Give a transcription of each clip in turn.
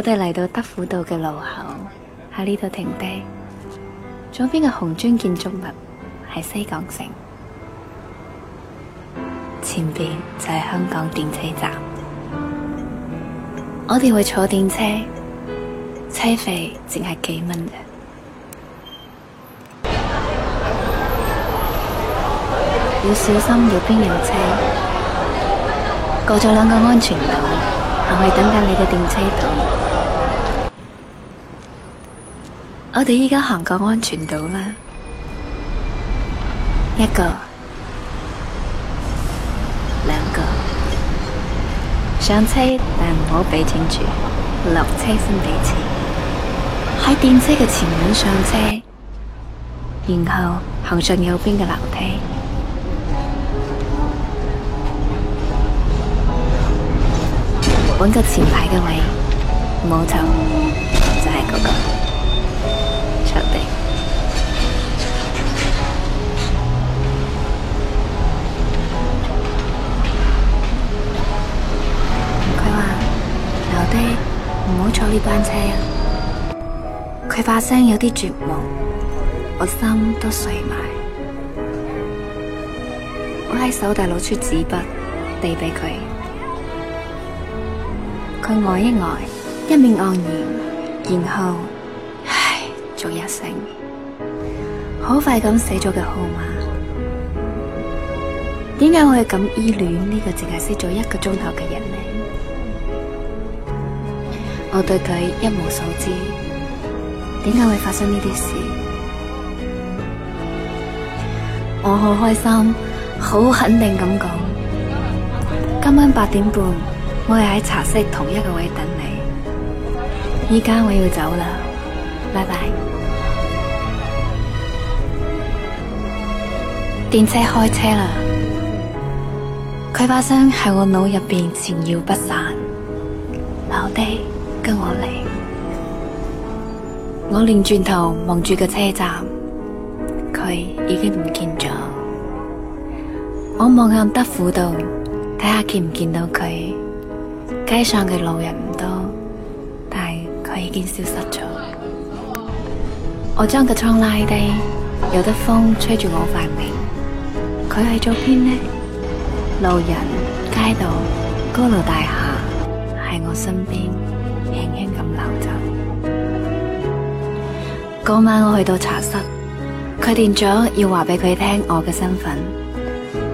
我哋嚟到德輔道嘅路口，喺呢度停低。左邊嘅紅磚建築物係西港城，前邊就係香港電車站。我哋會坐電車，車費淨係幾蚊嘅。要小心，要邊有車，過咗兩個安全島，行去等架你嘅電車度。我哋依家行過安全島了，一個、兩個上車，但唔好俾錢住，落車先俾錢。喺電車嘅前門上車，然後行上右邊嘅樓梯。揾個前排嘅位，唔好走，就係嗰個。爹，唔好坐呢班車啊！佢把聲有啲絕望，我心都碎埋。我喺手袋攞出紙筆，遞俾佢。佢呆一呆，一面愕然，然後唉咗一聲。好快咁寫咗個號碼。點解我係咁依戀呢個淨係識咗一個鐘頭嘅人呢？我對佢一無所知，點解會發生呢啲事？我好開心，好肯定咁講，今晚八點半，我係喺茶室同一個位等你。而家我要走喇，拜拜。電車開車喇，佢把聲喺我腦入邊纏繞不散，老弟。跟我嚟，我連轉頭望住個車站，佢已經唔見咗。我望向德輔道，睇下見唔見到佢。街上嘅路人唔多，但係佢已經消失咗。我將個窗拉低，有得風吹住我塊面。佢係去咗邊呢？路人街道高樓大廈喺我身邊。嗰晚我去到茶室，佢店長要話俾佢聽我嘅身份，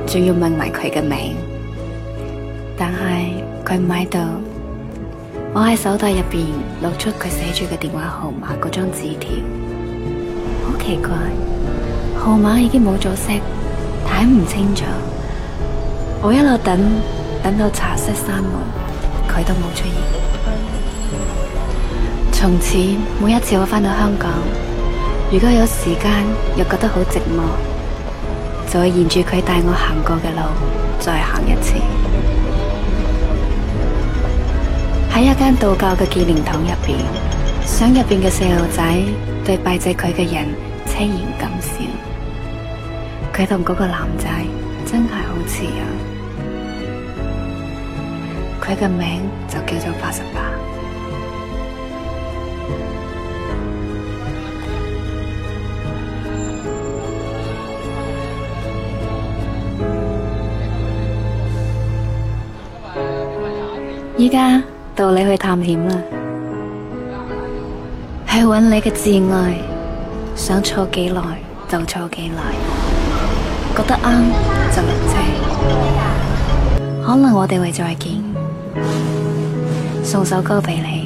仲要問埋佢嘅名字，但係佢唔喺度。我喺手袋入邊攞出佢寫住嘅電話號碼嗰張紙條，好奇怪，號碼已經冇咗色，睇唔清楚。我一路等，等到茶室閂門，佢都冇出現。從此每一次我翻到香港。如果有時間又覺得好寂寞，就會沿住佢帶我行過嘅路再行一次。喺一間道教嘅紀念堂入面，想入邊嘅細路仔對拜祭佢嘅人凄然感笑，佢同嗰個男仔真係好似啊，佢嘅名字就叫做八十八。而家到你去探險喇，去揾你嘅摯愛，想坐幾耐就坐幾耐，覺得啱就落車。可能我哋會再見，送首歌畀你。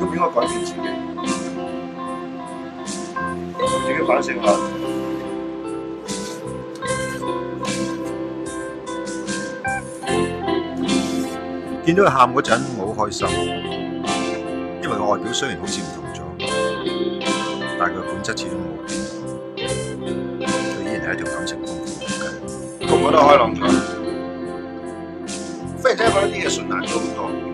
要俾我改變自己，我自己反省下。見到佢喊嗰陣，我好開心，因為佢外表雖然好似唔同咗，但佢嘅本質始終冇變，佢依然係一條感情豐富嘅。個個都開朗啲，非得嗰啲嘢順眼咗好多。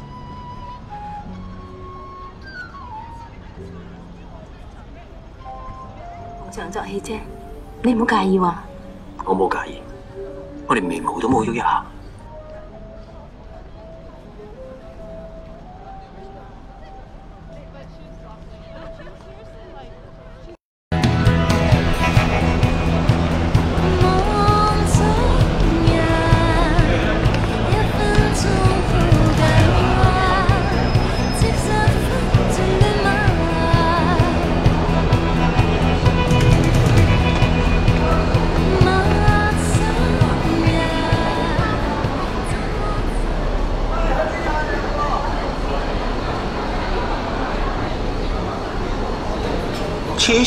像作戲啫，你唔好介意喎。我冇介意，我連眉毛都冇喐一下。